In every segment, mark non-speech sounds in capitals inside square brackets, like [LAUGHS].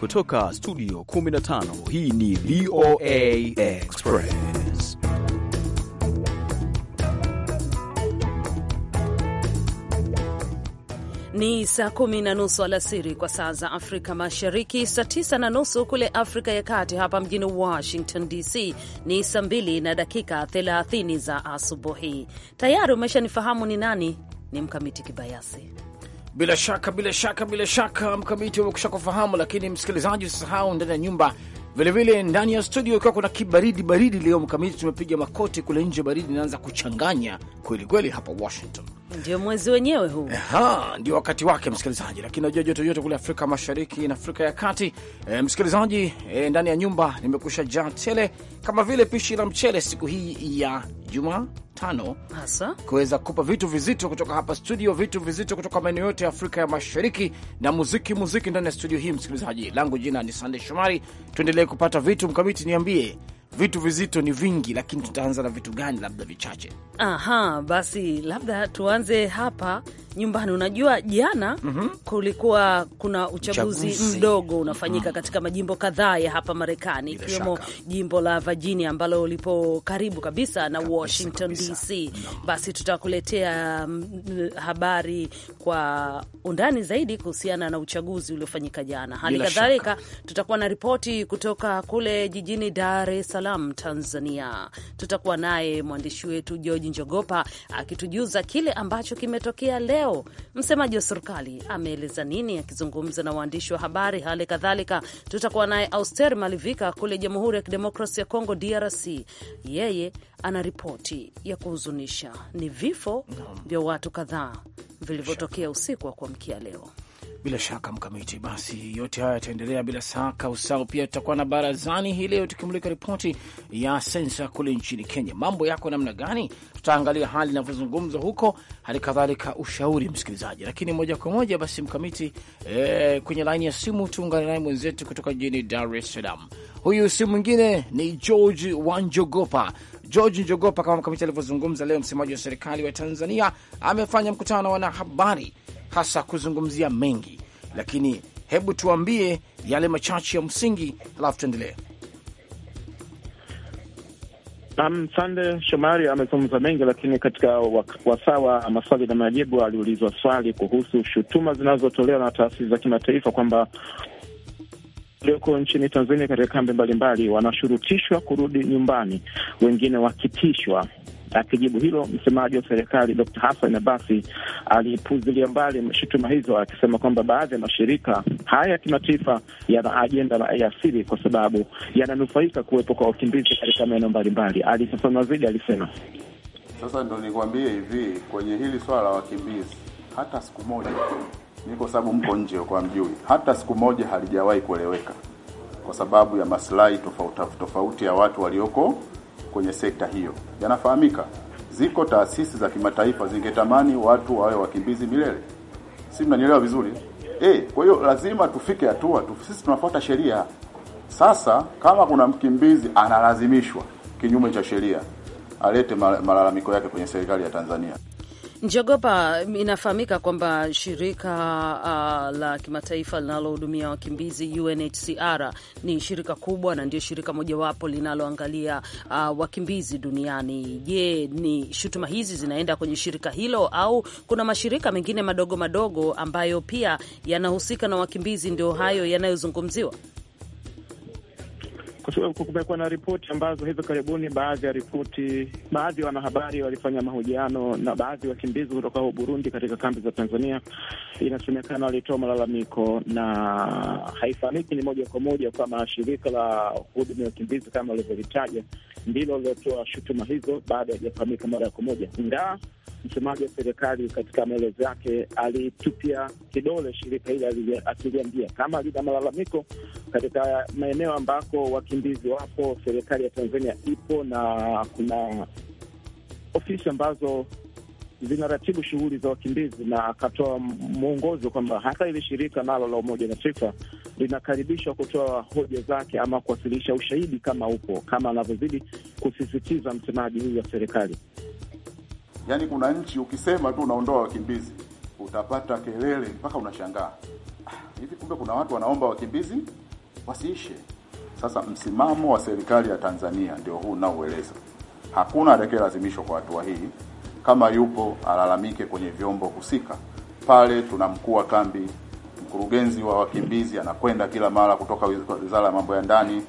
Kutoka studio 15 hii ni VOA Express. Ni saa kumi na nusu alasiri kwa saa za Afrika Mashariki, saa tisa na nusu kule Afrika ya Kati. Hapa mjini Washington DC ni saa mbili na dakika 30 za asubuhi. Tayari umeshanifahamu ni nani, ni Mkamiti Kibayasi bila shaka bila shaka bila shaka, mkamiti umekusha kufahamu, lakini msikilizaji, usisahau ndani ya nyumba vilevile ndani ya studio, ikiwa kuna kibaridi baridi leo, mkamiti tumepiga makoti kule nje, baridi inaanza kuchanganya kwelikweli hapa Washington. Ndio mwezi wenyewe huu, ndio wakati wake msikilizaji. Lakini najua joto yote kule Afrika Mashariki na Afrika ya Kati. E, msikilizaji, e, ndani ya nyumba nimekusha jaa tele kama vile pishi la mchele siku hii ya Jumatano kuweza kupa vitu vizito kutoka hapa studio, vitu vizito kutoka maeneo yote ya Afrika ya Mashariki na muziki, muziki ndani ya studio hii. Msikilizaji langu jina ni Sande Shomari, tuendelee kupata vitu mkamiti, niambie vitu vizito ni vingi, lakini tutaanza na vitu gani? Labda vichache. Aha, basi labda tuanze hapa nyumbani. Unajua, jana mm -hmm. kulikuwa kuna uchaguzi, uchaguzi mdogo unafanyika mm. katika majimbo kadhaa ya hapa Marekani ikiwemo jimbo la Virginia ambalo lipo karibu kabisa na kabisa, Washington DC no. Basi tutakuletea mm, habari kwa undani zaidi kuhusiana na uchaguzi uliofanyika jana. Hali kadhalika tutakuwa na ripoti kutoka kule jijini Dar es Salaam, Tanzania. Tutakuwa naye mwandishi wetu George Njogopa akitujuza kile ambacho kimetokea leo leo. Msemaji wa serikali ameeleza nini akizungumza na waandishi wa habari? Hali kadhalika tutakuwa naye Auster Malivika kule Jamhuri ya Kidemokrasi ya Kongo, DRC. Yeye ana ripoti ya kuhuzunisha, ni vifo vya watu kadhaa vilivyotokea usiku wa kuamkia leo bila shaka mkamiti. Basi yote haya yataendelea bila saka usao. Pia tutakuwa na barazani hii leo tukimulika ripoti ya sensa kule nchini Kenya. Mambo yako namna gani? Tutaangalia hali inavyozungumzwa huko, hali kadhalika ushauri msikilizaji. Lakini moja kwa moja basi mkamiti, e, kwenye laini ya simu tuungane naye mwenzetu kutoka jijini Dar es Salaam. Huyu si mwingine ni George Wanjogopa. George Njogopa, kama mkamiti alivyozungumza leo, msemaji wa serikali wa Tanzania amefanya mkutano na wanahabari hasa kuzungumzia mengi, lakini hebu tuambie yale machache ya msingi, halafu tuendelee. Um, Sande Shomari amezungumza mengi, lakini katika wasaa wa maswali na majibu aliulizwa swali kuhusu shutuma zinazotolewa na taasisi za kimataifa kwamba walioko nchini Tanzania katika kambi mbalimbali wanashurutishwa kurudi nyumbani, wengine wakitishwa Akijibu hilo, msemaji wa serikali Dr. Hassan Abasi alipuzilia mbali shutuma hizo, akisema kwamba baadhi ya mashirika haya ya kimataifa yana ajenda ya siri kwa sababu yananufaika kuwepo kwa wakimbizi katika maeneo mbalimbali. Alifafanua zaidi, alisema sasa ndo nikwambie hivi kwenye hili swala la wakimbizi, hata siku moja ni kwa sababu mko nje kwa mjui, hata siku moja halijawahi kueleweka kwa sababu ya maslahi tofauti tofauti ya watu walioko kwenye sekta hiyo yanafahamika. Ziko taasisi za kimataifa, zingetamani watu wawe wakimbizi milele, si mnanielewa vizuri eh? Kwa hiyo lazima tufike hatua tu, sisi tunafuata sheria. Sasa kama kuna mkimbizi analazimishwa kinyume cha sheria, alete malalamiko yake kwenye serikali ya Tanzania. Njogopa, inafahamika kwamba shirika uh, la kimataifa linalohudumia wakimbizi UNHCR ni shirika kubwa na ndio shirika mojawapo linaloangalia uh, wakimbizi duniani. Je, ni shutuma hizi zinaenda kwenye shirika hilo au kuna mashirika mengine madogo madogo ambayo pia yanahusika na wakimbizi, ndio hayo yanayozungumziwa? kwa kumekuwa na ripoti ambazo hivi karibuni, baadhi ya ripoti, baadhi ya wanahabari walifanya mahojiano na baadhi ya wakimbizi kutoka huko Burundi katika kambi za Tanzania, inasemekana walitoa malalamiko, na haifahamiki ni moja kwa moja kama shirika la huduma ya wakimbizi kama walivyolitaja ndilo lilotoa shutuma hizo, baada ya kufahamika mara kwa moja ingaa msemaji wa serikali katika maelezo yake alitupia kidole shirika hili, akiliambia kama lina malalamiko katika maeneo ambako wakimbizi wapo, serikali ya Tanzania ipo na kuna ofisi ambazo zinaratibu shughuli za wakimbizi, na akatoa mwongozo kwamba hata ile shirika nalo la Umoja Mataifa linakaribishwa kutoa hoja zake ama kuwasilisha ushahidi kama upo, kama anavyozidi kusisitiza msemaji huyu wa serikali. Yaani kuna nchi ukisema tu unaondoa wakimbizi utapata kelele mpaka unashangaa ah, hivi, kumbe kuna watu wanaomba wakimbizi wasiishe. Sasa msimamo wa serikali ya Tanzania ndio huu unaoeleza, hakuna atakayelazimishwa kwa hatua hii. Kama yupo alalamike kwenye vyombo husika. Pale tuna mkuu wa kambi, mkurugenzi wa wakimbizi anakwenda kila mara kutoka wizara ya mambo ya ndani.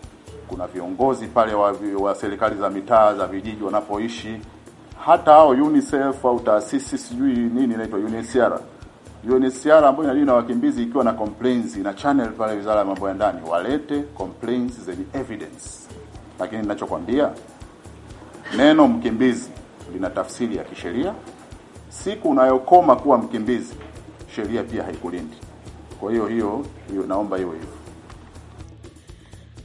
Kuna viongozi pale wa, wa serikali za mitaa za vijiji wanapoishi hata hao UNICEF au taasisi sijui nini inaitwa UNHCR UNHCR ambayo inalinda wakimbizi ikiwa na complaints na channel pale Wizara ya Mambo ya Ndani walete complaints zenye evidence. Lakini ninachokwambia neno mkimbizi lina tafsiri ya kisheria. Siku unayokoma kuwa mkimbizi, sheria pia haikulindi. Kwa hiyo hiyo hiyo, naomba hiyo hiyo.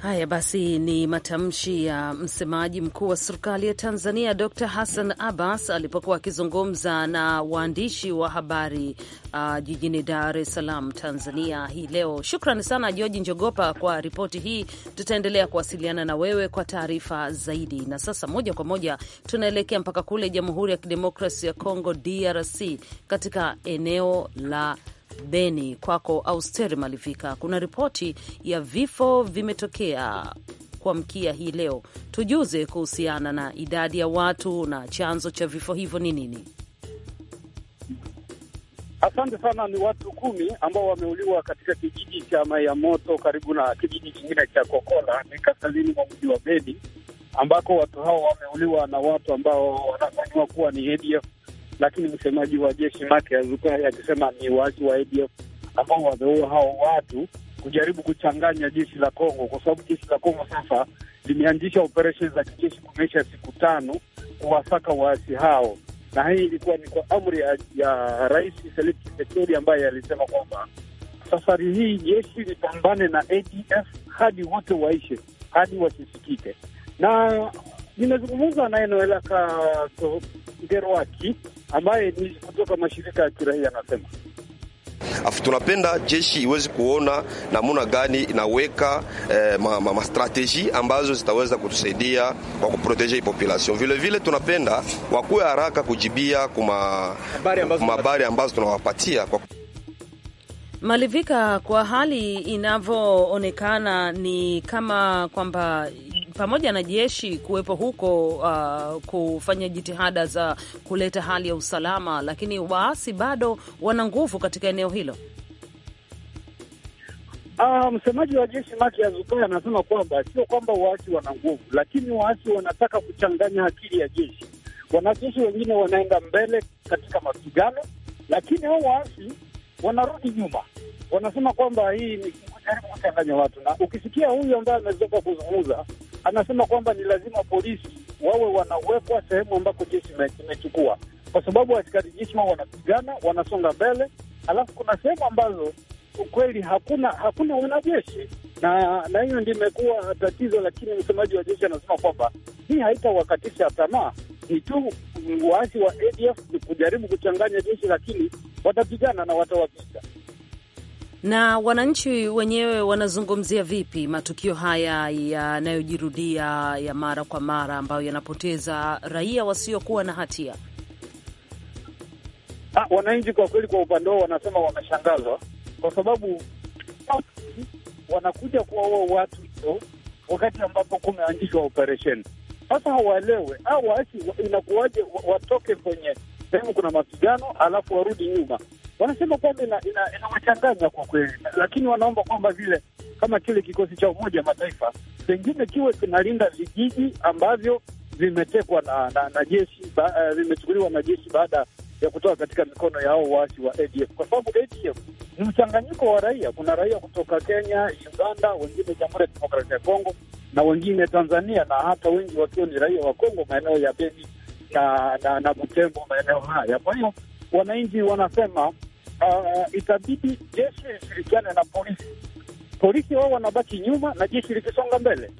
Haya basi, ni matamshi ya msemaji mkuu wa serikali ya Tanzania Dr Hassan Abbas alipokuwa akizungumza na waandishi wa habari uh, jijini Dar es Salaam, Tanzania hii leo. Shukran sana Georgi Njogopa kwa ripoti hii. Tutaendelea kuwasiliana na wewe kwa taarifa zaidi. Na sasa moja kwa moja tunaelekea mpaka kule Jamhuri ya Kidemokrasi ya congo DRC, katika eneo la Beni. Kwako Austeri Malivika, kuna ripoti ya vifo vimetokea kuamkia hii leo. Tujuze kuhusiana na idadi ya watu na chanzo cha vifo hivyo ni nini? Asante sana. Ni watu kumi ambao wameuliwa katika kijiji cha maya moto karibu na kijiji kingine cha Kokola ni kaskazini mwa mji wa Beni, ambako watu hao wameuliwa na watu ambao wanafanyiwa kuwa ni ADF lakini msemaji wa jeshi Mate Azukai akisema ni waasi wa ADF ambao wameua hao watu kujaribu kuchanganya jeshi la Kongo, kwa sababu jeshi la Kongo sasa limeanzisha operesheni za kijeshi kumeisha siku tano kuwasaka waasi hao, na hii ilikuwa ni kwa amri ya, ya Rais Felix Tshisekedi ambaye alisema kwamba safari hii jeshi lipambane na ADF hadi wote waishe, hadi wasisikike. Na nimezungumza naye Noelaka Ngerwaki ambaye ni kutoka mashirika ya kiraia anasema afu tunapenda jeshi iwezi kuona namuna gani inaweka eh, ma, ma, ma ambazo zitaweza kutusaidia kwa kuproteje population. Vile vile tunapenda wakuwe haraka kujibia kuma habari ambazo tunawapatia kwa malivika. Kwa hali inavyoonekana ni kama kwamba pamoja na jeshi kuwepo huko uh, kufanya jitihada za kuleta hali ya usalama, lakini waasi bado wana nguvu katika eneo hilo. Uh, msemaji wa jeshi Maki Azukai anasema kwamba sio kwamba waasi wana nguvu, lakini waasi wanataka kuchanganya akili ya jeshi. Wanajeshi wengine wanaenda mbele katika mapigano, lakini hao waasi wanarudi nyuma. Wanasema kwamba hii ni kujaribu kuchanganya watu, na ukisikia huyu ambaye ametoka kuzungumza anasema kwamba ni lazima polisi wawe wanawekwa sehemu ambako jeshi imechukua, kwa sababu askari jeshi wao wanapigana, wanasonga mbele, alafu kuna sehemu ambazo ukweli hakuna hakuna wanajeshi, na na hiyo ndio imekuwa tatizo. Lakini msemaji wa jeshi anasema kwamba hii haitawakatisha tamaa, ni tu waasi wa ADF ni kujaribu kuchanganya jeshi, lakini watapigana na watawapiga. Na wananchi wenyewe wanazungumzia vipi matukio haya yanayojirudia ya mara kwa mara ambayo yanapoteza raia wasiokuwa na hatia? Ha, ah, wananchi kwa kweli, kwa upande wao wanasema wameshangazwa kwa sababu wanakuja kuwaua watu hivyo wakati ambapo kumeanzishwa operesheni. Sasa hawaelewe au ah, waasi, inakuwaje watoke kwenye sehemu kuna mapigano alafu warudi nyuma? wanasema kwamba inawachanganya ina, ina kwa kweli, lakini wanaomba kwamba vile kama kile kikosi cha Umoja wa Mataifa pengine kiwe kinalinda vijiji ambavyo vimetekwa na, na, na jeshi uh, vimechukuliwa na jeshi baada ya kutoka katika mikono ya hao waasi wa ADF, kwa sababu ADF ni mchanganyiko wa raia. Kuna raia kutoka Kenya, Uganda, wengine Jamhuri ya Kidemokrasia ya Kongo na wengine Tanzania, na hata wengi wakiwa ni raia wa Kongo, maeneo ya Beni na na, na Butembo, maeneo haya. Kwa hiyo wananchi wanasema uh, eh, ikabidi jeshi lishirikiane na polisi. Polisi wao wanabaki nyuma na jeshi likisonga mbele.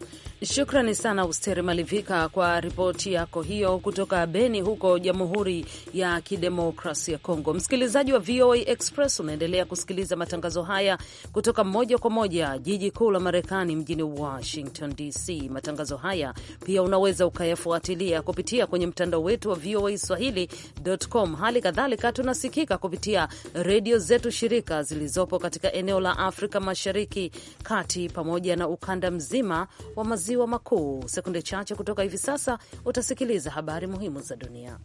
Shukrani sana Usteri Malivika kwa ripoti yako hiyo kutoka Beni huko Jamhuri ya Kidemokrasi ya Kongo. Msikilizaji wa VOA Express, unaendelea kusikiliza matangazo haya kutoka moja kwa moja jiji kuu la Marekani, mjini Washington DC. Matangazo haya pia unaweza ukayafuatilia kupitia kwenye mtandao wetu wa VOA Swahili.com. Hali kadhalika tunasikika kupitia redio zetu shirika zilizopo katika eneo la Afrika Mashariki, kati pamoja na ukanda mzima wa maziwa maziwa makuu. Sekunde chache kutoka hivi sasa utasikiliza habari muhimu za dunia.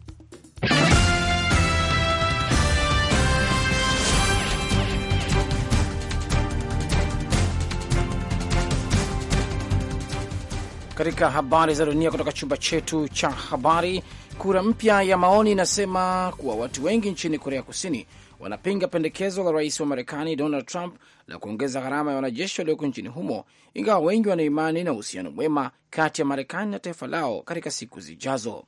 Katika habari za dunia kutoka chumba chetu cha habari, kura mpya ya maoni inasema kuwa watu wengi nchini Korea Kusini wanapinga pendekezo la rais wa Marekani Donald Trump la kuongeza gharama ya wanajeshi walioko nchini humo, ingawa wengi wanaimani na uhusiano mwema kati ya Marekani na taifa lao katika siku zijazo.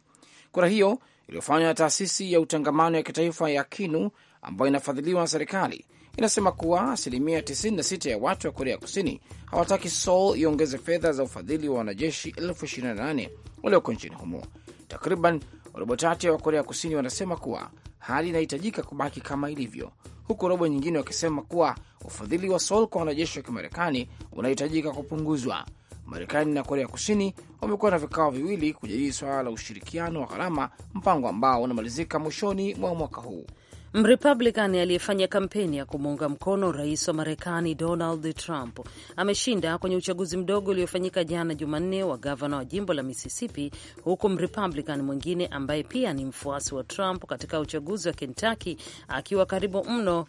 Kura hiyo iliyofanywa na taasisi ya utangamano ya kitaifa ya Kinu ambayo inafadhiliwa na serikali inasema kuwa asilimia 96 ya watu wa Korea Kusini hawataki Seoul iongeze fedha za ufadhili wa wanajeshi 28 walioko nchini humo. Takriban robo tatu ya Wakorea Kusini wanasema kuwa hali inahitajika kubaki kama ilivyo, huku robo nyingine wakisema kuwa ufadhili wa Seoul kwa wanajeshi wa Kimarekani unahitajika kupunguzwa. Marekani na Korea Kusini wamekuwa na vikao viwili kujadili swala la ushirikiano wa gharama, mpango ambao unamalizika mwishoni mwa mwaka huu. Mrepublican aliyefanya kampeni ya kumuunga mkono rais wa Marekani Donald Trump ameshinda kwenye uchaguzi mdogo uliofanyika jana Jumanne wa gavana wa jimbo la Mississippi, huku Mrepublican mwingine ambaye pia ni mfuasi wa Trump katika uchaguzi wa Kentucky akiwa karibu mno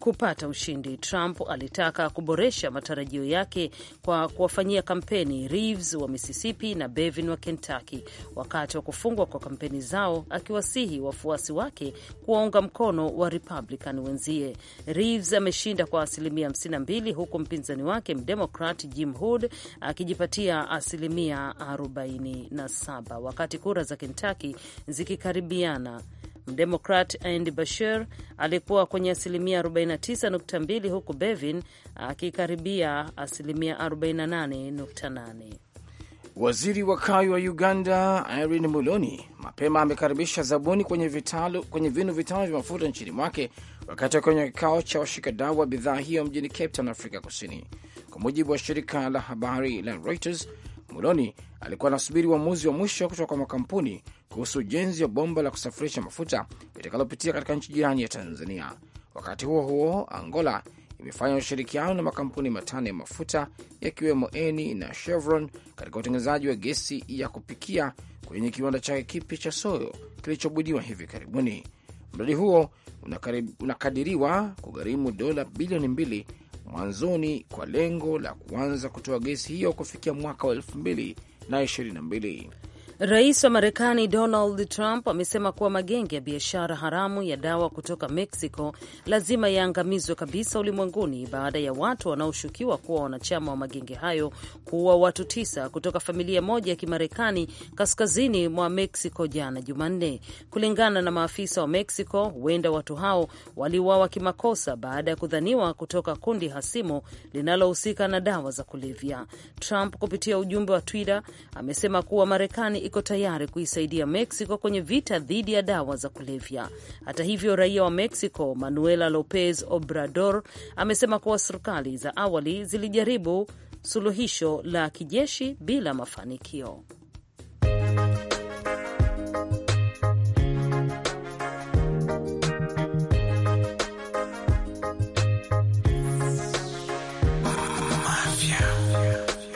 kupata ushindi. Trump alitaka kuboresha matarajio yake kwa kuwafanyia kampeni Reeves wa Mississippi na Bevin wa Kentucky wakati wa kufungwa kwa kampeni zao, akiwasihi wafuasi wake kuwaunga mkono wa Republican wenzie. Reeves ameshinda kwa asilimia 52 huku mpinzani wake Mdemokrat Jim Hood akijipatia asilimia 47 wakati kura za Kentucky zikikaribiana Mdemokrat Andy Bashir alikuwa kwenye asilimia 49.2 huku Bevin akikaribia asilimia 48.8. Waziri wa kawi wa Uganda Irene Muloni mapema amekaribisha zabuni kwenye, vitalu, kwenye vinu vitano vya mafuta nchini mwake wakati wa kwenye kikao cha washikadau wa bidhaa hiyo mjini Cape Town, Afrika Kusini. Kwa mujibu wa shirika la habari la Reuters, Muloni alikuwa anasubiri uamuzi wa mwisho kutoka kwa makampuni kuhusu ujenzi wa bomba la kusafirisha mafuta litakalopitia katika nchi jirani ya Tanzania. Wakati huo huo, Angola imefanya ushirikiano na makampuni matano ya mafuta yakiwemo Eni na Chevron katika utengenezaji wa gesi ya kupikia kwenye kiwanda chake kipya cha Soyo kilichobudiwa hivi karibuni. Mradi huo unakadiriwa kugharimu dola bilioni mbili mwanzoni kwa lengo la kuanza kutoa gesi hiyo kufikia mwaka wa elfu mbili na ishirini na mbili. Rais wa Marekani Donald Trump amesema kuwa magenge ya biashara haramu ya dawa kutoka Mexico lazima yaangamizwe kabisa ulimwenguni baada ya watu wanaoshukiwa kuwa wanachama wa magenge hayo kuua watu tisa kutoka familia moja ya Kimarekani kaskazini mwa Mexico jana Jumanne. Kulingana na maafisa wa Mexico, huenda watu hao waliuawa kimakosa baada ya kudhaniwa kutoka kundi hasimu linalohusika na dawa za kulevya. Trump kupitia ujumbe wa Twitter amesema kuwa Marekani iko tayari kuisaidia Mexico kwenye vita dhidi ya dawa za kulevya. Hata hivyo, raia wa Mexico Manuela Lopez Obrador amesema kuwa serikali za awali zilijaribu suluhisho la kijeshi bila mafanikio.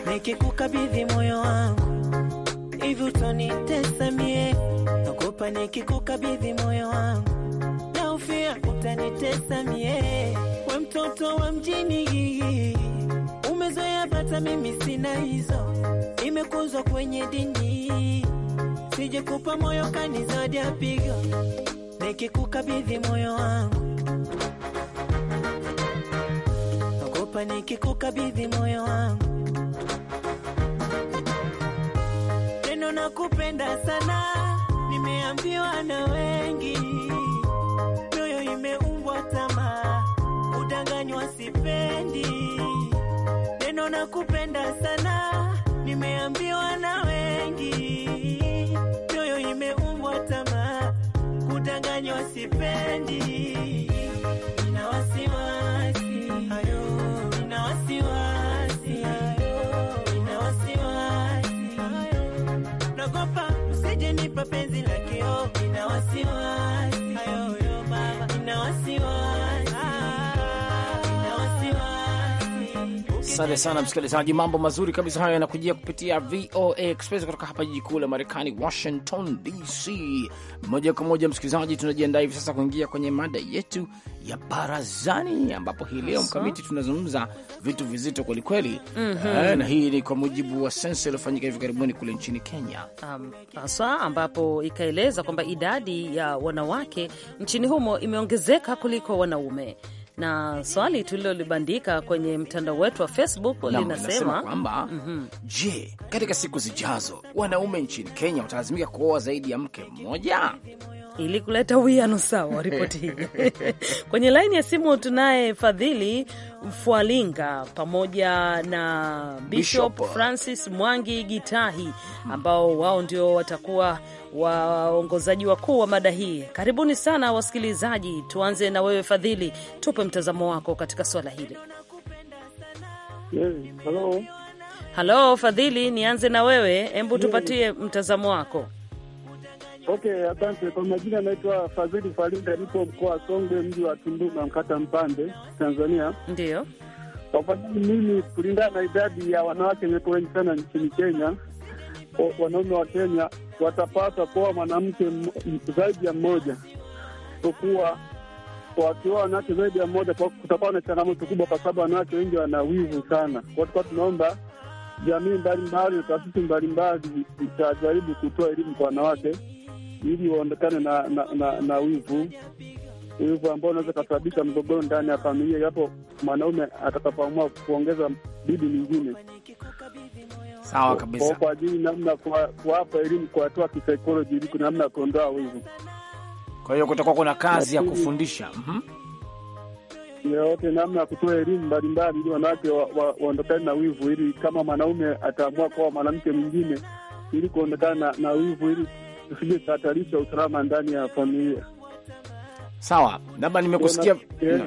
Nikikukabidhi moyo wangu utonitesa mie, naogopa nikikukabidhi moyo wangu, naofia utanitesa mie, we mtoto wa mjini, umezoea pata, mimi sina hizo, imekuzwa kwenye dini, sije kupa moyo kani zodi apigo, nikikukabidhi moyo wangu, naogopa nikikukabidhi moyo wangu nakupenda sana, nimeambiwa na wengi, mioyo imeumbwa tamaa, udanganywa sipendi. Neno nakupenda sana, nimeambiwa na wengi, mioyo imeumbwa tamaa, udanganywa sipendi. Nina wasiwasi, hayo nina wasiwasi kunipa penzi la kio, nina wasiwasi, hayo baba, nina wasiwasi Asante sana msikilizaji, mambo mazuri kabisa hayo yanakujia kupitia VOA Express kutoka hapa jiji kuu la Marekani, Washington DC. Moja kwa moja, msikilizaji, tunajiandaa hivi sasa kuingia kwenye mada yetu ya barazani, ambapo hii leo mkamiti, tunazungumza vitu vizito kwelikweli. mm -hmm. Eh, na hii ni kwa mujibu wa sensa iliyofanyika hivi karibuni kule nchini Kenya haswa, um, ambapo ikaeleza kwamba idadi ya wanawake nchini humo imeongezeka kuliko wanaume na swali tulilolibandika kwenye mtandao wetu wa Facebook linasema kwamba mm -hmm. Je, katika siku zijazo wanaume nchini Kenya watalazimika kuoa zaidi ya mke mmoja ili kuleta uwiano sawa wa ripoti hii. [LAUGHS] Kwenye laini ya simu tunaye Fadhili Fwalinga pamoja na Bishop Francis Mwangi Gitahi ambao wao ndio watakuwa waongozaji wakuu wa mada hii. Karibuni sana wasikilizaji, tuanze na wewe Fadhili, tupe mtazamo wako katika swala hili. Halo halo, Fadhili, nianze na wewe, hebu tupatie mtazamo wako. Okay, asante kwa majina. Anaitwa Fadhili Falinda, nipo mkoa wa Songwe, mji wa Tunduma, mkata Mpande, Tanzania. kwa wafadhili, mimi kulingana na idadi ya wanawake weko wengi sana nchini Kenya, wanaume wa Kenya watapaswa kuwa mwanamke zaidi ya mmoja, kuwa wakiwa wanawake zaidi ya mmoja kutakuwa na changamoto kubwa, kwa sababu wanawake wengi wana wivu sana. Tukuwa tunaomba jamii mbalimbali na taasisi mbalimbali zitajaribu kutoa elimu kwa wanawake ili waondokane na, na, na, na wivu wivu ambao unaweza kasababisha mgogoro ndani ya familia, iwapo mwanaume atakapoamua kuongeza bibi mingine. Sawa kabisa, kwa ajili namna kuwapa elimu, kuwatoa kisaikolojia, ili namna ya kuondoa wivu. Kwa hiyo kutakuwa kuna kazi ya kufundisha mhm. yote namna ya kutoa elimu mbalimbali ili wanawake waondokane wa, wa na wivu, ili kama mwanaume ataamua kuwa mwanamke mwingine, ili kuondokana na, na wivu, ili tusije kuhatarisha usalama ndani ya familia. Sawa, labda nimekusikia, mm, mm,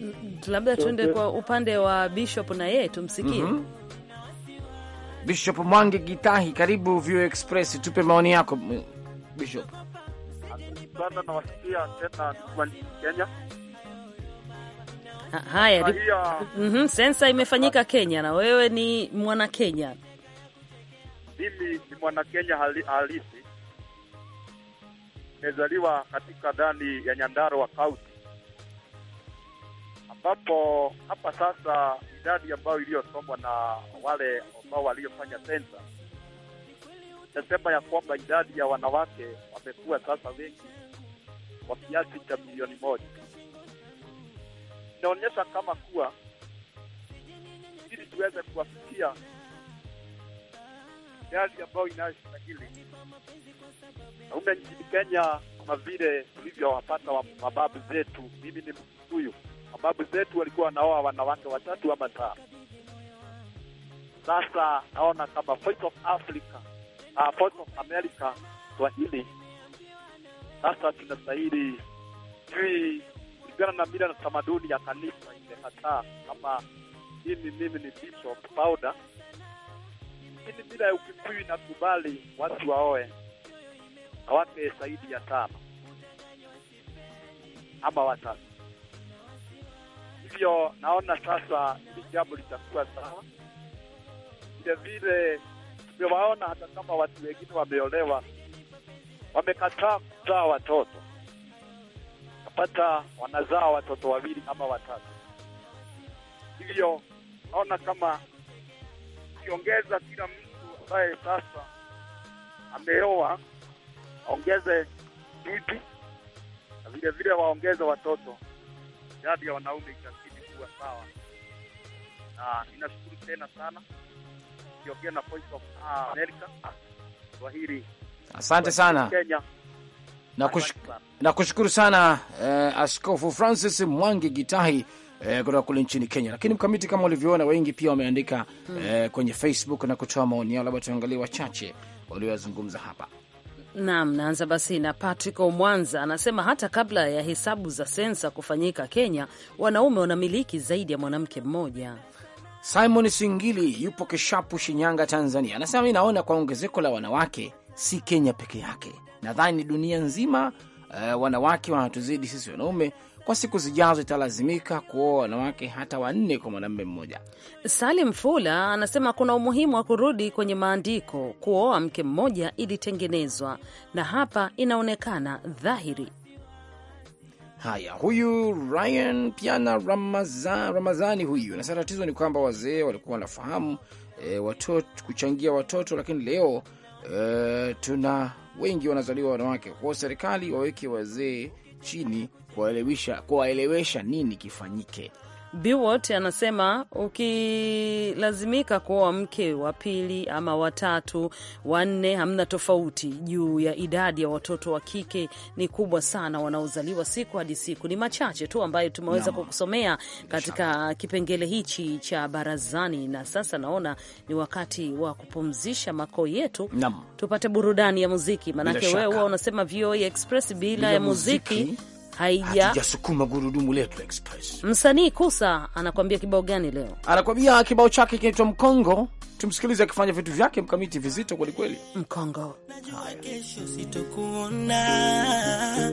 mm. labda tuende kwa upande wa Bishop na yeye tumsikie. mm -hmm. Bishop Mwangi Gitahi, karibu View Express, tupe maoni yako Bishop. Bana nawasikia tena Kenya. Ha, ah, haya mm-hmm, sensa imefanyika Kenya na wewe ni mwana Kenya. Mimi ni mwana Kenya halisi, nimezaliwa katika dani ya Nyandarua County ambapo hapa sasa idadi ambayo iliyosomwa na wale ambao waliofanya sensa inasema ya kwamba idadi ya wanawake wamekuwa sasa wengi kwa kiasi cha milioni moja. Inaonyesha kama kuwa ili tuweze kuwafikia idadi ambayo inayostahili naume nchini Kenya, kama vile tulivyowapata mababu zetu. Mimi ni Mkikuyu babu zetu walikuwa wanaoa wanawake watatu ama tano. Sasa naona kama Voice of Africa, uh, Voice of America Swahili, sasa tunastahili hii kulingana na mila na tamaduni ya kanisa imekataa kama mimi mimi ni bishop Pauda, lakini mila ya Ukikuyu inakubali watu waoe awake zaidi ya tano ama watatu hivyo naona sasa hili jambo litakuwa sawa. Vilevile tumewaona hata kama watu wengine wameolewa, wamekataa kuzaa watoto, napata wanazaa watoto wawili ama watatu. Hivyo naona kama ukiongeza kila mtu ambaye sasa ameoa aongeze bibi na vilevile waongeze watoto, idadi ya wanaume itakuwa kuwa sawa, na ninashukuru tena sana kiongea na Voice of America Swahili. Asante sana Kenya. Na, kush, na kushukuru sana eh, Askofu Francis Mwangi Gitahi eh, kutoka kule nchini Kenya. Lakini mkamiti, kama ulivyoona, wengi pia wameandika hmm, eh, kwenye Facebook na kutoa maoni yao, labda tuangalie wachache waliozungumza hapa. Naam, naanza basi na Patrick Omwanza anasema hata kabla ya hesabu za sensa kufanyika Kenya, wanaume wanamiliki zaidi ya mwanamke mmoja. Simon Singili yupo Kishapu, Shinyanga, Tanzania, anasema mi naona kwa ongezeko la wanawake si Kenya peke yake, nadhani ni dunia nzima. Uh, wanawake wanatuzidi sisi wanaume kwa siku zijazo italazimika kuoa wanawake hata wanne kwa mwanamume mmoja. Salim Fula anasema kuna umuhimu wa kurudi kwenye maandiko, kuoa mke mmoja ilitengenezwa na hapa inaonekana dhahiri. Haya, huyu Ryan Piana Ramaza, Ramazani huyu anasema tatizo ni kwamba wazee walikuwa wanafahamu e, watoto, kuchangia watoto, lakini leo e, tuna wengi wanazaliwa wanawake kwao. Serikali waweke wazee chini kuwaelewesha kuwaelewesha nini kifanyike. Biwot anasema ukilazimika kuoa mke wa pili ama watatu wanne, hamna tofauti juu ya idadi ya watoto wa kike. Ni kubwa sana, wanaozaliwa siku hadi siku. Ni machache tu ambayo tumeweza kukusomea katika kipengele hichi cha barazani, na sasa naona ni wakati wa kupumzisha makoo yetu Nama. tupate burudani ya muziki, maanake wewe huwa unasema VOA Express bila, bila ya muziki, muziki haijasukuma gurudumu letu express. Msanii Kusa anakuambia kibao gani leo? Anakuambia kibao chake kinaitwa Mkongo. Tumsikilize akifanya vitu vyake mkamiti vizito kwelikweli. Mkongo. Najua kesho sitokuona,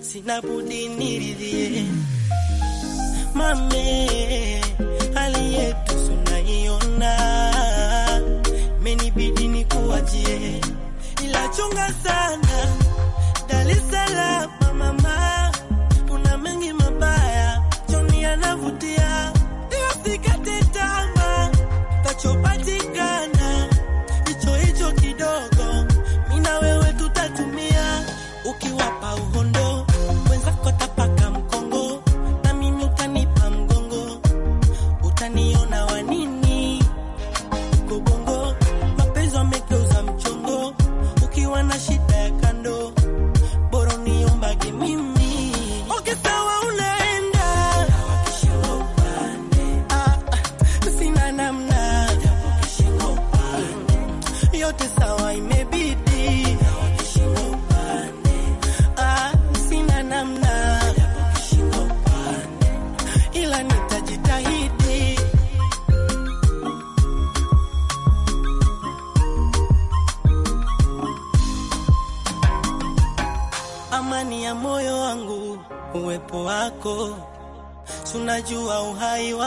sina budi niridhie mame, hali yetu sunaiona, menibidi nikuachie, ila chunga sana Dar es Salaam mama your body.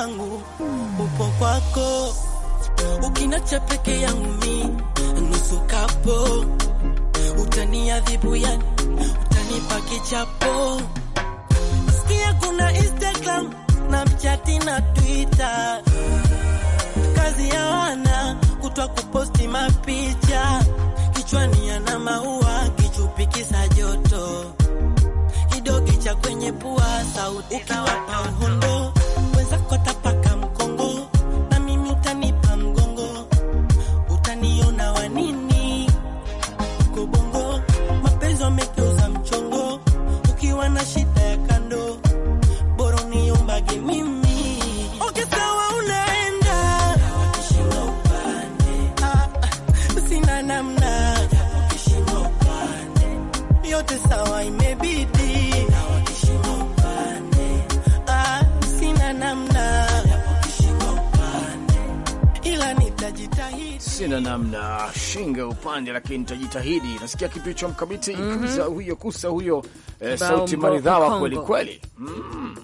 wangu upo kwako, ukinacha peke yangu mi nusu kapo, utaniadhibu ya utanipa kichapo. Sikia kuna Instagram na mchati na Twitter, kazi ya wana kutwa kuposti mapicha, kichwani ana maua, kichupikisa joto kidogi cha kwenye pua, sauti ukiwapa uhondo Dakota sina namna, shinga upande, lakini nitajitahidi. Nasikia kitu hicho mkamiti, mm -hmm. kusa huyo, kusa huyo eh, sauti maridhawa kweli kweli mm.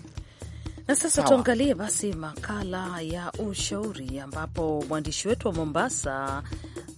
Na sasa tuangalie basi makala ya ushauri, ambapo mwandishi wetu wa Mombasa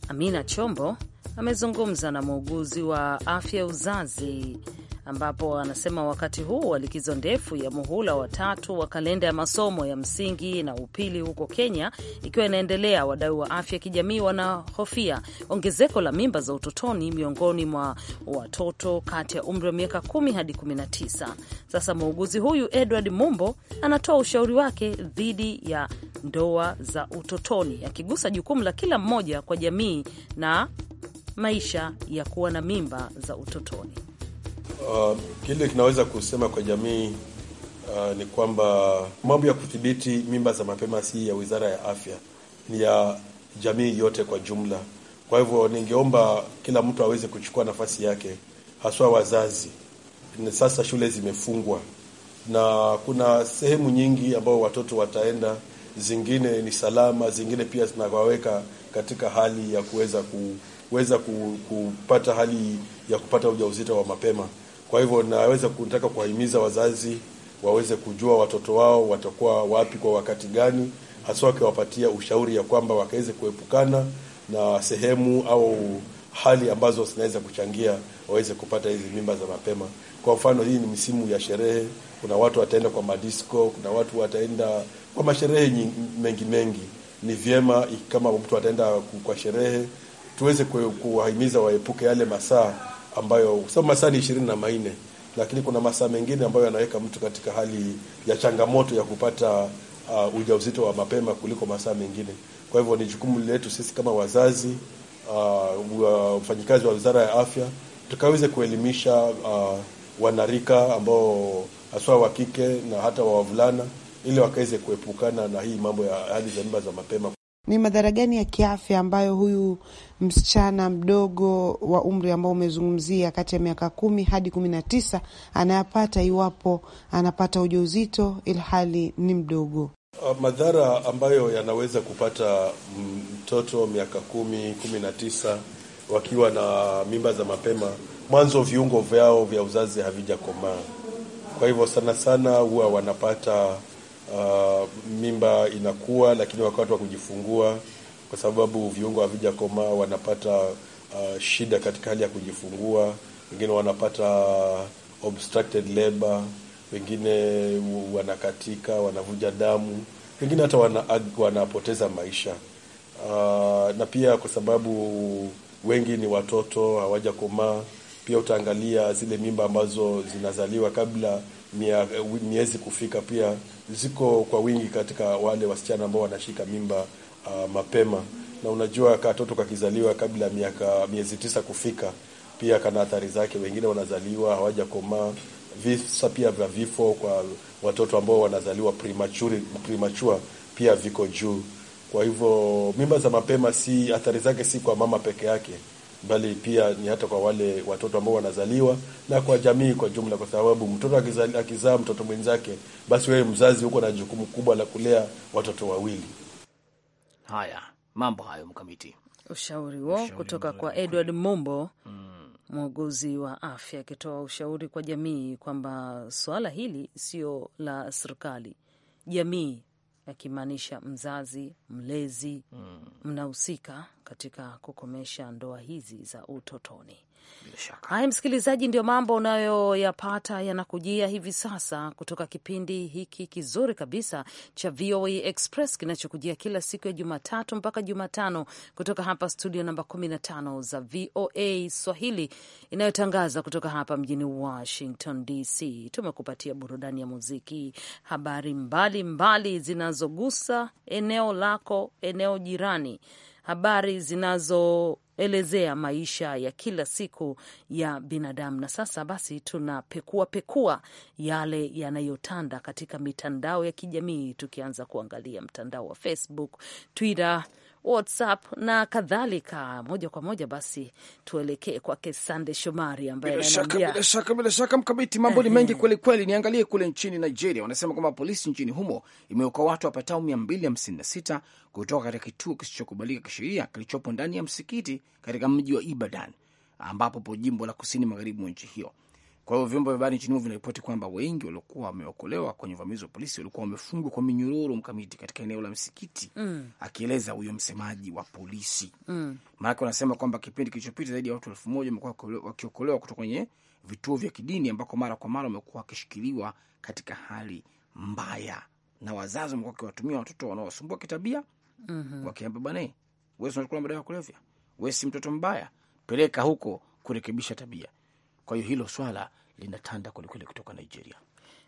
Amina Chombo amezungumza na muuguzi wa afya uzazi ambapo anasema wakati huu wa likizo ndefu ya muhula wa tatu wa kalenda ya masomo ya msingi na upili huko Kenya ikiwa inaendelea, wadau wa afya kijamii wanahofia ongezeko la mimba za utotoni miongoni mwa watoto kati ya umri wa miaka kumi hadi kumi na tisa. Sasa muuguzi huyu Edward Mumbo anatoa ushauri wake dhidi ya ndoa za utotoni, akigusa jukumu la kila mmoja kwa jamii na maisha ya kuwa na mimba za utotoni. Uh, kile kinaweza kusema kwa jamii uh, ni kwamba mambo ya kudhibiti mimba za mapema si ya wizara ya afya, ni ya jamii yote kwa jumla. Kwa hivyo ningeomba kila mtu aweze kuchukua nafasi yake, haswa wazazi. Sasa shule zimefungwa na kuna sehemu nyingi ambao watoto wataenda, zingine ni salama, zingine pia zinawaweka katika hali ya kuweza kuweza kupata hali ya kupata ujauzito wa mapema. Kwa hivyo naweza kutaka kuwahimiza wazazi waweze kujua watoto wao watakuwa wapi kwa wakati gani, haswa wakiwapatia ushauri ya kwamba wakaweze kuepukana na sehemu au hali ambazo zinaweza kuchangia waweze kupata hizi mimba za mapema. Kwa mfano, hii ni msimu ya sherehe, kuna watu wataenda kwa madisco, kuna watu wataenda kwa masherehe mengi mengi. Ni vyema kama mtu ataenda kwa sherehe tuweze kuwahimiza waepuke yale masaa ambayo, kwa sababu masaa ni ishirini na manne, lakini kuna masaa mengine ambayo yanaweka mtu katika hali ya changamoto ya kupata uh, ujauzito wa mapema kuliko masaa mengine. Kwa hivyo ni jukumu letu sisi kama wazazi, uh, wafanyikazi uh, wa Wizara ya Afya tukaweze kuelimisha uh, wanarika ambao haswa wa kike na hata wa wavulana ili wakaweze kuepukana na hii mambo ya hali za mimba za mapema. Ni madhara gani ya kiafya ambayo huyu msichana mdogo wa umri ambao umezungumzia kati ya miaka kumi hadi kumi na tisa anayapata iwapo anapata ujauzito ilhali ni mdogo? Uh, madhara ambayo yanaweza kupata mtoto miaka kumi, kumi na tisa wakiwa na mimba za mapema, mwanzo viungo vyao vya uzazi havijakomaa, kwa hivyo sana sana huwa wanapata uh, mimba inakuwa, lakini wakati wa kujifungua, kwa sababu viungo havijakomaa wanapata uh, shida katika hali ya kujifungua. Wengine wanapata ah, obstructed labor, wengine wanakatika, wanavuja damu, wengine hata wana, wanapoteza maisha uh, na pia kwa sababu wengi ni watoto hawajakomaa. Pia utaangalia zile mimba ambazo zinazaliwa kabla mia, miezi kufika. Pia ziko kwa wingi katika wale wasichana ambao wanashika mimba uh, mapema, na unajua katoto kakizaliwa kabla miaka miezi tisa kufika pia kana athari zake. Wengine wanazaliwa hawajakomaa, visa pia vya vifo kwa watoto ambao wanazaliwa premature, premature pia viko juu. Kwa hivyo mimba za mapema si athari zake si kwa mama peke yake bali pia ni hata kwa wale watoto ambao wanazaliwa na kwa jamii kwa jumla, kwa sababu mtoto akizaa mtoto mwenzake, basi wewe mzazi huko na jukumu kubwa la kulea watoto wawili. Haya mambo hayo mkamiti ushauri huo kutoka mzuri kwa Edward Mumbo muuguzi mm, wa afya akitoa ushauri kwa jamii kwamba suala hili sio la serikali, jamii yakimaanisha mzazi, mlezi hmm. mnahusika katika kukomesha ndoa hizi za utotoni. Haya msikilizaji, ndio mambo unayoyapata yanakujia hivi sasa kutoka kipindi hiki kizuri kabisa cha VOA Express kinachokujia kila siku ya Jumatatu mpaka Jumatano kutoka hapa studio namba 15 za VOA Swahili inayotangaza kutoka hapa mjini Washington DC. Tumekupatia burudani ya muziki, habari mbalimbali zinazogusa eneo lako, eneo jirani habari zinazoelezea maisha ya kila siku ya binadamu. Na sasa basi, tunapekua pekua yale yanayotanda katika mitandao ya kijamii, tukianza kuangalia mtandao wa Facebook, Twitter, WhatsApp na kadhalika. Moja kwa moja basi tuelekee kwake Sande Shomari ambaye bila shaka bila shaka mkabiti, mambo ni eh, mengi eh. kweli kweli. Niangalie kule nchini Nigeria, wanasema kwamba polisi nchini humo imeokoa watu wapatao 256 kutoka katika kituo kisichokubalika kisheria kilichopo ndani ya msikiti katika mji wa Ibadan ambapo po jimbo la kusini magharibi mwa nchi hiyo. Kwa hiyo vyombo vya habari nchini humo vinaripoti kwamba wengi waliokuwa wameokolewa kwenye uvamizi wa polisi walikuwa wamefungwa kwa minyororo mkamiti katika eneo la msikiti mm. Akieleza huyo msemaji wa polisi mm. Maanake wanasema kwamba kipindi kilichopita zaidi ya watu elfu moja wamekuwa wakiokolewa kutoka kwenye vituo vya kidini ambako mara kwa mara wamekuwa wakishikiliwa katika hali mbaya, na wazazi wamekuwa wakiwatumia watoto wanaowasumbua kitabia mm -hmm. Wakiamba bwana, eh, wewe unachukua madawa ya kulevya, wesi mtoto mbaya, peleka huko kurekebisha tabia kwa hiyo hilo swala linatanda kwelikweli kutoka Nigeria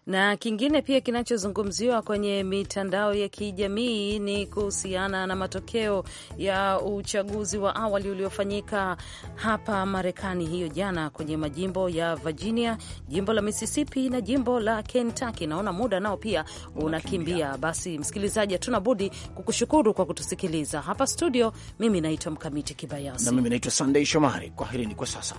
na kingine pia kinachozungumziwa kwenye mitandao ya kijamii ni kuhusiana na matokeo ya uchaguzi wa awali uliofanyika hapa Marekani hiyo jana kwenye majimbo ya Virginia, jimbo la Mississippi na jimbo la Kentucky. Naona muda nao pia unakimbia. Basi msikilizaji, hatuna budi kukushukuru kwa kutusikiliza hapa studio. Mimi naitwa Mkamiti Kibayasi na mimi naitwa Sandei Shomari. Kwaherini kwa sasa.